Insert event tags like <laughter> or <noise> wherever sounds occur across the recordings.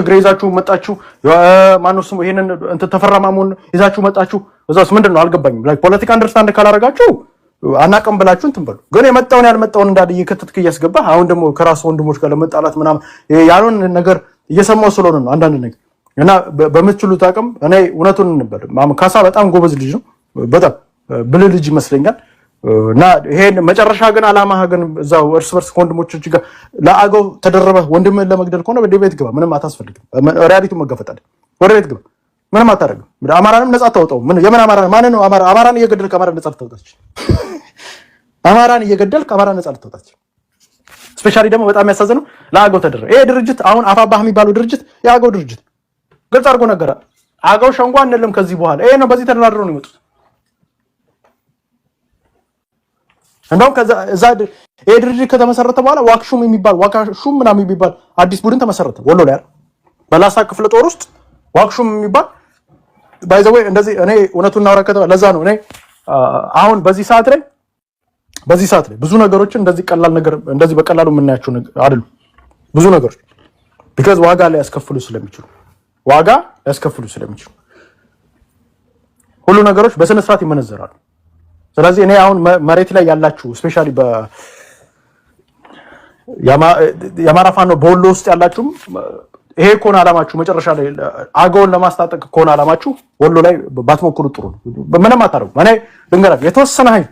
ትግሬ ይዛችሁ መጣችሁ፣ ማነው ስሙ ይሄንን እንትን ተፈራ ማሞን ይዛችሁ መጣችሁ። እዛስ ምንድን ነው አልገባኝም። ላይክ ፖለቲካ አንደርስታንድ ካላረጋችሁ አናቀም ብላችሁ እንትን በሉ። ግን የመጣውን ያልመጣውን እንዳለ እየከተትክ እያስገባህ አሁን ደግሞ ከራሱ ወንድሞች ጋር ለመጣላት ምናምን ያሉን ነገር እየሰማው ስለሆነ ነው አንዳንድ ነገር እና በምትችሉት አቅም እኔ እውነቱን እንበል፣ ካሳ በጣም ጎበዝ ልጅ ነው። በጣም ብልህ ልጅ ይመስለኛል። እና ይሄን መጨረሻ ግን አላማ ግን እዛው እርስ በርስ ከወንድሞች ጋር ለአገው ተደረበ ወንድምህን ለመግደል ከሆነ ወደ ቤት ግባ፣ ምንም አታስፈልግም። ሪያሊቲ መገፈጣል። ወደ ቤት ግባ፣ ምንም አታደርግም። አማራንም ነጻ ታወጣው። የምን አማራ ማን ነው? አማራ አማራን እየገደልክ አማራን ነጻ ልታወጣች፣ አማራን እየገደልክ አማራን ነጻ ልታወጣች። ስፔሻሊ ደግሞ በጣም ያሳዝነው ለአገው ተደረበ። ይሄ ድርጅት አሁን አፋባህ የሚባለው ድርጅት የአገው ድርጅት ግልጽ አድርጎ ነገረ አገው ሸንጓ አንልም ከዚህ በኋላ ይሄ ነው። በዚህ ተደራድረው ነው የመጡት። እንደውም እዛ ይሄ ድርጅት ከተመሰረተ በኋላ ዋክሹም የሚባል ዋካሹም ምናምን የሚባል አዲስ ቡድን ተመሰረተ ወሎ ላይ አይደል፣ በላሳ ክፍለ ጦር ውስጥ ዋክሹም የሚባል ባይ ዘ ወይ እንደዚህ እኔ እውነቱን እናውራ ለዛ ነው እኔ አሁን በዚህ ሰዓት ላይ በዚህ ሰዓት ላይ ብዙ ነገሮችን እንደዚህ ቀላል ነገር እንደዚህ በቀላሉ የምናያቸው አይደሉም። ብዙ ነገሮች ቢካዝ ዋጋ ላይ ያስከፍሉ ስለሚችሉ ዋጋ ያስከፍሉ ስለሚችሉ ሁሉ ነገሮች በስነ ስርዓት ይመነዘራሉ። ስለዚህ እኔ አሁን መሬት ላይ ያላችሁ ስፔሻሊ የአማራ ፋኖ በወሎ ውስጥ ያላችሁም ይሄ ከሆነ አላማችሁ መጨረሻ ላይ አገውን ለማስታጠቅ ከሆነ አላማችሁ ወሎ ላይ ባትሞክሩ ጥሩ ነው። ምንም አታደርጉ። እኔ ልንገራችሁ፣ የተወሰነ ኃይል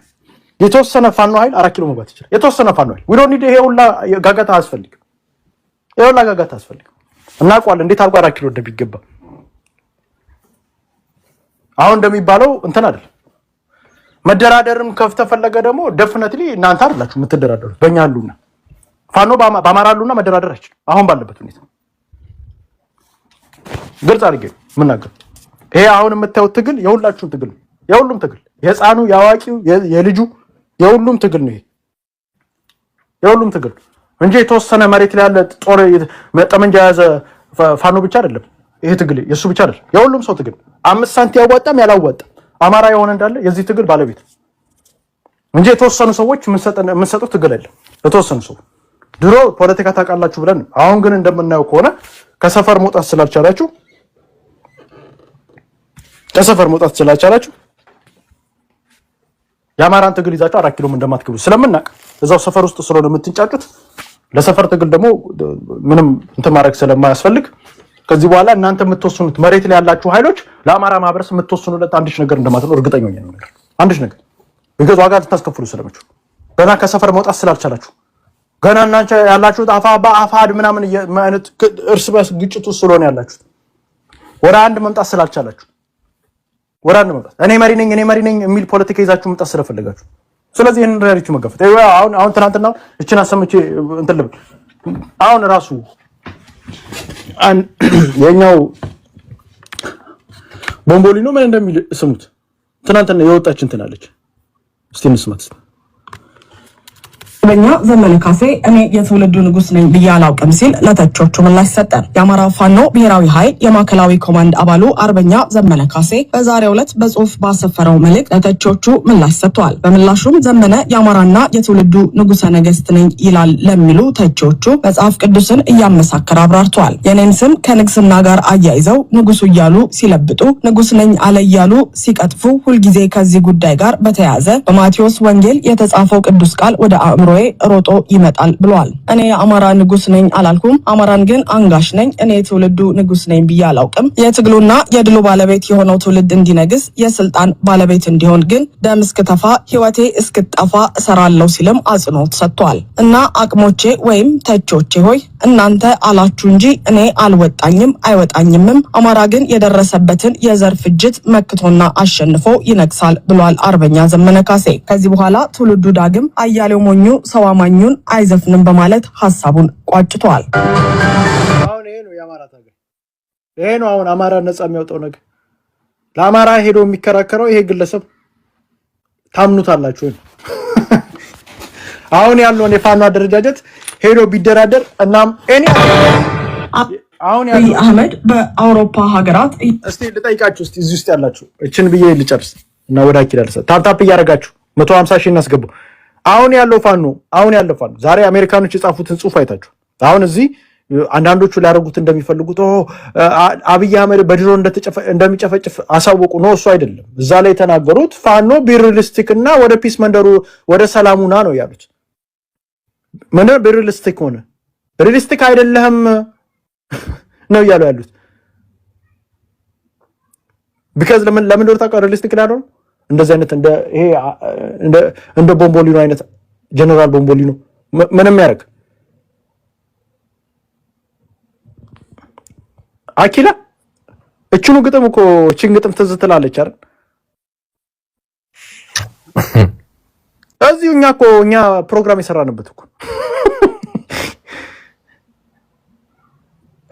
የተወሰነ ፋኖ ኃይል አራት ኪሎ መግባት ይችላል። የተወሰነ ፋኖ ኃይል ኒድ ይሄ ሁላ ጋጋታ አያስፈልግም። ይሄ ሁላ ጋጋታ አያስፈልግም። እናውቀዋለን እንዴት አድርጎ አራት ኪሎ እንደሚገባ። አሁን እንደሚባለው እንትን አይደለም መደራደርም ከተፈለገ ደግሞ ደፍነትሊ እናንተ አላችሁ የምትደራደሩት፣ በእኛ አሉና ፋኖ በአማራ አሉና መደራደር አይችልም። አሁን ባለበት ሁኔታ ግልጽ አድርጌ የምናገር ይሄ አሁን የምታዩት ትግል የሁላችሁም ትግል ነው። የሁሉም ትግል የህፃኑ የአዋቂው፣ የልጁ የሁሉም ትግል ነው። ይሄ የሁሉም ትግል እንጂ የተወሰነ መሬት ላይ ያለ ጦር ጠመንጃ የያዘ ፋኖ ብቻ አይደለም። ይሄ ትግል የእሱ ብቻ አይደለም፣ የሁሉም ሰው ትግል። አምስት ሳንቲ ያዋጣም ያላዋጣ አማራ የሆነ እንዳለ የዚህ ትግል ባለቤት እንጂ የተወሰኑ ሰዎች የምንሰጠው ትግል የለም። የተወሰኑ ሰው ድሮ ፖለቲካ ታውቃላችሁ ብለን፣ አሁን ግን እንደምናየው ከሆነ ከሰፈር መውጣት ስላልቻላችሁ ከሰፈር መውጣት ስላልቻላችሁ የአማራን ትግል ይዛችሁ አራት ኪሎም እንደማትገቡ ስለምናቅ እዛው ሰፈር ውስጥ ስለሆነ የምትንጫጩት ለሰፈር ትግል ደግሞ ምንም እንትን ማድረግ ስለማያስፈልግ ከዚህ በኋላ እናንተ የምትወስኑት መሬት ላይ ያላችሁ ኃይሎች ለአማራ ማህበረሰብ የምትወስኑለት አንድሽ ነገር እንደማትኖር እርግጠኛ ነኝ። ነገር አንድሽ ነገር የገዛ ዋጋ ልታስከፍሉ ስለምችሉ ገና ከሰፈር መውጣት ስላልቻላችሁ ገና እናንተ ያላችሁት አፋ በአፋድ ምናምን አይነት እርስ በርስ ግጭቱ ስለሆነ ያላችሁት ወደ አንድ መምጣት ስላልቻላችሁ ወደ አንድ መምጣት እኔ መሪ ነኝ እኔ መሪ ነኝ የሚል ፖለቲካ ይዛችሁ መምጣት ስለፈለጋችሁ፣ ስለዚህ ይህን ሪያሊቲ መገፈት አሁን አሁን ትናንትና እችን አሰምቼ እንትን ልብል አሁን ራሱ <clears throat> የኛው ቦምቦሊኖ ምን እንደሚል ስሙት። ትናንትና የወጣችን ትናለች። እስቲ እንስማት። አርበኛ ዘመነ ካሴ እኔ የትውልዱ ንጉስ ነኝ ብዬ አላውቅም ሲል ለተቾቹ ምላሽ ሰጠ። የአማራ ፋኖ ብሔራዊ ኃይል የማዕከላዊ ኮማንድ አባሉ አርበኛ ዘመነ ካሴ በዛሬው ዕለት በጽሁፍ ባሰፈረው መልእክት ለተቾቹ ምላሽ ሰጥተዋል። በምላሹም ዘመነ የአማራና የትውልዱ ንጉሰ ነገስት ነኝ ይላል ለሚሉ ተቾቹ መጽሐፍ ቅዱስን እያመሳከረ አብራርተዋል። የኔን ስም ከንግስና ጋር አያይዘው ንጉሱ እያሉ ሲለብጡ፣ ንጉስ ነኝ አለ እያሉ ሲቀጥፉ ሁልጊዜ ከዚህ ጉዳይ ጋር በተያያዘ በማቴዎስ ወንጌል የተጻፈው ቅዱስ ቃል ወደ አእምሮ ቪኦኤ ሮጦ ይመጣል ብለዋል። እኔ የአማራ ንጉስ ነኝ አላልኩም። አማራን ግን አንጋሽ ነኝ። እኔ ትውልዱ ንጉስ ነኝ ብዬ አላውቅም። የትግሉና የድሉ ባለቤት የሆነው ትውልድ እንዲነግስ፣ የስልጣን ባለቤት እንዲሆን ግን ደም እስክተፋ ህይወቴ እስክጠፋ እሰራለሁ ሲልም አጽንኦት ሰጥቷል። እና አቅሞቼ ወይም ተቾቼ ሆይ እናንተ አላችሁ እንጂ እኔ አልወጣኝም አይወጣኝምም። አማራ ግን የደረሰበትን የዘር ፍጅት መክቶና አሸንፎ ይነግሳል ብሏል አርበኛ ዘመነ ካሴ። ከዚህ በኋላ ትውልዱ ዳግም አያሌው ሞኙ ሰው አማኙን አይዘፍንም በማለት ሀሳቡን ቋጭቷል። አሁን ይሄ ነው የአማራ ታገል። ይሄ ነው አሁን አማራ ነጻ የሚያወጣው ነገር። ለአማራ ሄዶ የሚከራከረው ይሄ ግለሰብ ታምኑታላችሁ? አሁን ያለውን የፋኖ አደረጃጀት ሄዶ ቢደራደር እናም እኔ አሁን ያለው አህመድ በአውሮፓ ሀገራት እስቲ ልጠይቃችሁ እስቲ እዚህ ውስጥ ያላችሁ እችን ብዬ ልጨርስ እና ወደ አኪዳልሰ ታፕታፕ እያደረጋችሁ መቶ ሀምሳ ሺህ እናስገባው። አሁን ያለው ፋኖ አሁን ያለው ፋኖ ዛሬ አሜሪካኖች የጻፉትን ጽሁፍ አይታችሁ አሁን እዚህ አንዳንዶቹ ሊያደርጉት እንደሚፈልጉት አብይ አህመድ በድሮ እንደሚጨፈጭፍ አሳወቁ። ነው እሱ አይደለም እዛ ላይ የተናገሩት ፋኖ ቢሪሊስቲክ እና ወደ ፒስ መንደሩ ወደ ሰላሙና ነው ያሉት። ምን ቢሪሊስቲክ ሆነ ሪሊስቲክ አይደለህም ነው እያሉ ያሉት ቢካዝ ለምን ለምን ሪሊስቲክ ላልሆነ እንደዚህ አይነት እንደ ቦምቦሊኖ አይነት ጀነራል ቦምቦሊኖ ምንም ያደርግ አኪላ እችኑ ግጥም እኮ እችን ግጥም ትዝ ትላለች አይደል? እዚሁ እኛ እኮ እኛ ፕሮግራም የሰራንበት እኮ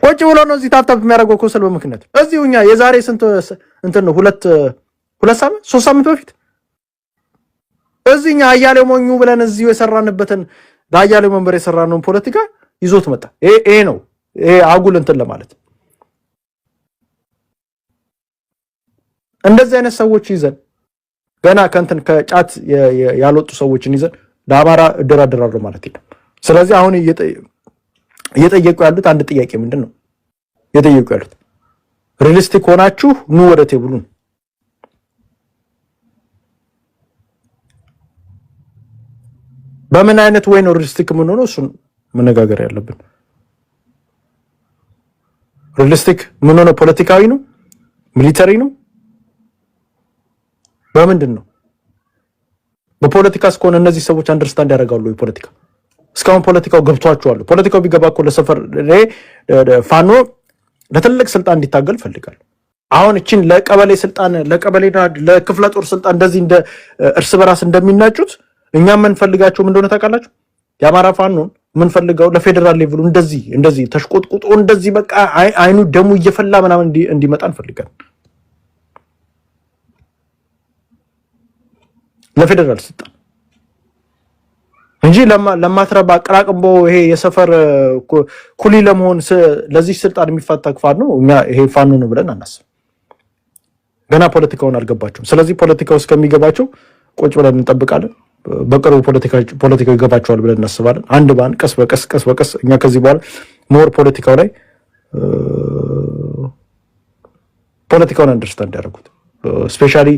ቁጭ ብሎ ነው እዚህ ታፕታፕ የሚያደርገው እኮ እዚሁ እኛ የዛሬ ስንት እንትን ሁለት ሁለት ሳምንት ሶስት ሳምንት በፊት እዚህኛ አያሌው ሞኙ ብለን እዚሁ የሰራንበትን በአያሌው መንበር የሰራነውን ፖለቲካ ይዞት መጣ። ይሄ ነው ይሄ አጉል እንትን ለማለት እንደዚህ አይነት ሰዎች ይዘን ገና ከእንትን ከጫት ያልወጡ ሰዎችን ይዘን ለአማራ እደራደራለሁ ማለት የለም። ስለዚህ አሁን እየጠየቁ ያሉት አንድ ጥያቄ ምንድን ነው? እየጠየቁ ያሉት ሪሊስቲክ ሆናችሁ ኑ ወደ ቴብሉን በምን አይነት ወይ ነው ሪሊስቲክ የምንሆነው? እሱን መነጋገር ያለብን። ሪሊስቲክ የምንሆነው ፖለቲካዊ ነው፣ ሚሊተሪ ነው፣ በምንድን ነው? በፖለቲካ እስከሆነ እነዚህ ሰዎች አንደርስታንድ ያደርጋሉ? የፖለቲካ እስካሁን ፖለቲካው ገብቷቸዋል። ፖለቲካው ቢገባ እኮ ለሰፈር ፋኖ ለትልቅ ስልጣን እንዲታገል ፈልጋል። አሁን እችን ለቀበሌ ስልጣን ለቀበሌና ለክፍለ ጦር ስልጣን እንደዚህ እርስ በራስ እንደሚናጩት እኛ የምንፈልጋቸው እንደሆነ ታውቃላችሁ። የአማራ ፋኖን የምንፈልገው ለፌዴራል ሌቭሉ እንደዚህ እንደዚህ ተሽቆጥቁጦ እንደዚህ በቃ አይኑ ደሙ እየፈላ ምናምን እንዲመጣ እንፈልጋለን። ለፌዴራል ስልጣን እንጂ ለማትረባ አቅራቅንቦ ይሄ የሰፈር ኩሊ ለመሆን ለዚህ ስልጣን የሚፈታ ፋኖ ነው። ይሄ ፋኖ ነው ብለን አናስብ። ገና ፖለቲካውን አልገባቸውም። ስለዚህ ፖለቲካው እስከሚገባቸው ቁጭ ብለን እንጠብቃለን። በቅርቡ ፖለቲካው ይገባቸዋል ብለን እናስባለን። አንድ በአንድ ቀስ በቀስ ቀስ በቀስ እኛ ከዚህ በኋላ ሞር ፖለቲካው ላይ ፖለቲካውን አንደርስታንድ ያደረጉት ስፔሻሊ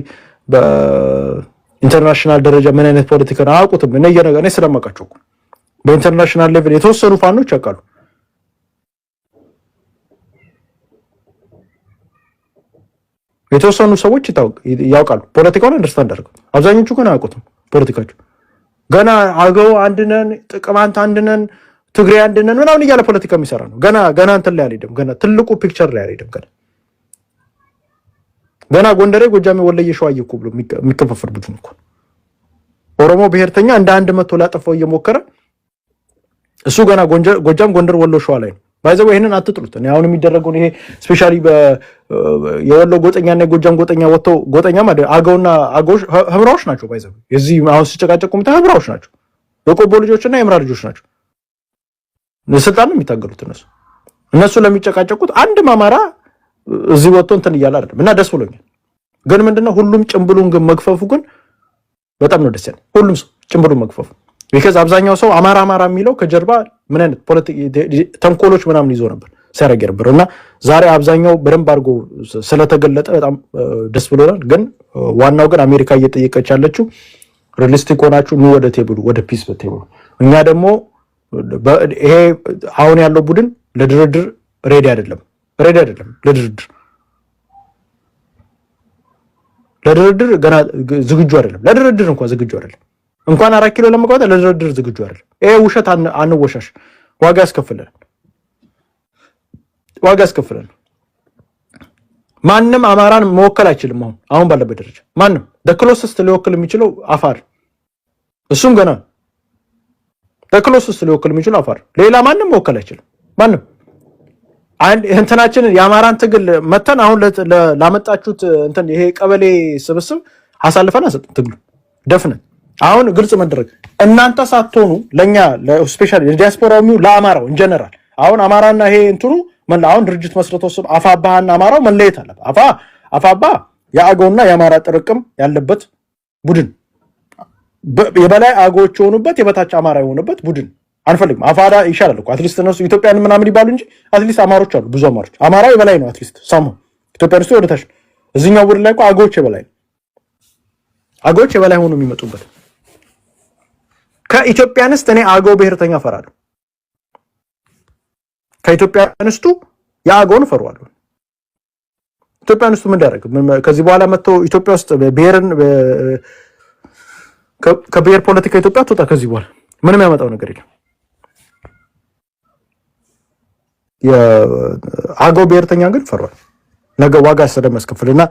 በኢንተርናሽናል ደረጃ ምን አይነት ፖለቲካን አያውቁትም። እነ እየነገ እኔ ስለማውቃቸው በኢንተርናሽናል ሌቭል የተወሰኑ ፋኖች ያውቃሉ። የተወሰኑ ሰዎች ያውቃሉ። ፖለቲካውን አንደርስታንድ ያደርገው አብዛኞቹ ግን አያውቁትም። ፖለቲካቸው ገና አገው አንድነን ጥቅማንት አንድነን ትግሬ አንድነን ምናምን እያለ ፖለቲካ የሚሰራ ነው። ገና ገና እንትን ላይ አልሄደም። ገና ትልቁ ፒክቸር ላይ አልሄደም። ገና ገና ጎንደሬ፣ ጎጃሜ፣ ወለየ፣ ሸዋዬ እኮ ብሎ የሚከፋፈል ቡድን እኮ ኦሮሞ ብሔርተኛ እንደ አንድ መቶ ሊያጠፋው እየሞከረ እሱ ገና ጎጃም፣ ጎንደር፣ ወሎ፣ ሸዋ ላይ ነው። ባይዘው ይሄንን አትጥሉት። እኔ አሁን የሚደረገውን ይሄ ስፔሻሊ የወሎ ጎጠኛና የጎጃም ጎጠኛ ወጥተው ጎጠኛ ማለት አገውና አገውሽ ህብራዎች ናቸው። ባይዘው የዚህ አሁን ሲጨቃጨቁ ምታ ህብራዎች ናቸው። የቆቦ ልጆችና የምራ ልጆች ናቸው። ስልጣን ነው የሚታገሉት እነሱ እነሱ ለሚጨቃጨቁት አንድ አማራ እዚህ ወጥቶ እንትን እያለ አይደለም። እና ደስ ብሎኛል። ግን ምንድነው ሁሉም ጭምብሉን ግን መግፈፉ ግን በጣም ነው ደስ ያለኝ። ሁሉም ሰው ጭምብሉን መግፈፉ ቢከዝ አብዛኛው ሰው አማራ አማራ የሚለው ከጀርባ ምን አይነት ተንኮሎች ምናምን ይዞ ነበር ሲያደርግ ነበር እና ዛሬ አብዛኛው በደንብ አድርጎ ስለተገለጠ በጣም ደስ ብሎናል። ግን ዋናው ግን አሜሪካ እየጠየቀች ያለችው ሪሊስቲክ ሆናችሁ ኑ ወደ ቴብሉ፣ ወደ ፒስ በቴብሉ እኛ ደግሞ ይሄ አሁን ያለው ቡድን ለድርድር ሬዲ አይደለም፣ ሬዲ አይደለም ለድርድር ለድርድር ገና ዝግጁ አይደለም። ለድርድር እንኳን ዝግጁ አይደለም። እንኳን አራት ኪሎ ለመቀመጥ ለድርድር ዝግጁ አይደለም። ይሄ ውሸት አንወሻሽ፣ ዋጋ ያስከፍለን፣ ዋጋ ያስከፍለን። ማንም አማራን መወከል አይችልም። አሁን አሁን ባለበት ደረጃ ማንም ደክሎስስት ሊወክል የሚችለው አፋር፣ እሱም ገና ደክሎስስት ሊወክል የሚችለው አፋር፣ ሌላ ማንም መወከል አይችልም። ማንም እንትናችንን የአማራን ትግል መተን አሁን ላመጣችሁት እንትን ይሄ ቀበሌ ስብስብ አሳልፈን አንሰጥም። ትግሉ ደፍነን አሁን ግልጽ መደረግ እናንተ ሳትሆኑ ለእኛ ስፔሻሊ ለዲያስፖራው የሚሆን ለአማራው ኢንጀነራል አሁን አማራና ይሄ እንትኑ አሁን ድርጅት መስረተው ስም አፋባህና አማራው መለየት አለበት። አፋ አፋባ የአገውና የአማራ ጥርቅም ያለበት ቡድን የበላይ አገዎች የሆኑበት የበታች አማራ የሆኑበት ቡድን አንፈልግም። አፋዳ ይሻላል እኮ አትሊስት እነሱ ኢትዮጵያን ምናምን ይባሉ እንጂ አትሊስት አማሮች አሉ፣ ብዙ አማሮች። አማራ የበላይ ነው አትሊስት ሳሙ ኢትዮጵያ ውስጥ ወደታች ነው። እዚኛው ቡድን ላይ እኮ አገዎች የበላይ ነው። አገዎች የበላይ ሆኑ የሚመጡበት ከኢትዮጵያ ንስት እኔ አገው ብሔርተኛ እፈራለሁ። ከኢትዮጵያ ንስቱ የአገውን ፈሯለሁ ኢትዮጵያ ንስቱ ምን ዳረግ? ከዚህ በኋላ መጥቶ ኢትዮጵያ ውስጥ ብሔርን ከብሔር ፖለቲካ ኢትዮጵያ ትወጣ። ከዚህ በኋላ ምንም ያመጣው ነገር የለም። የአገው ብሔርተኛ ግን ፈሯል። ነገ ዋጋ ስለሚያስከፍልና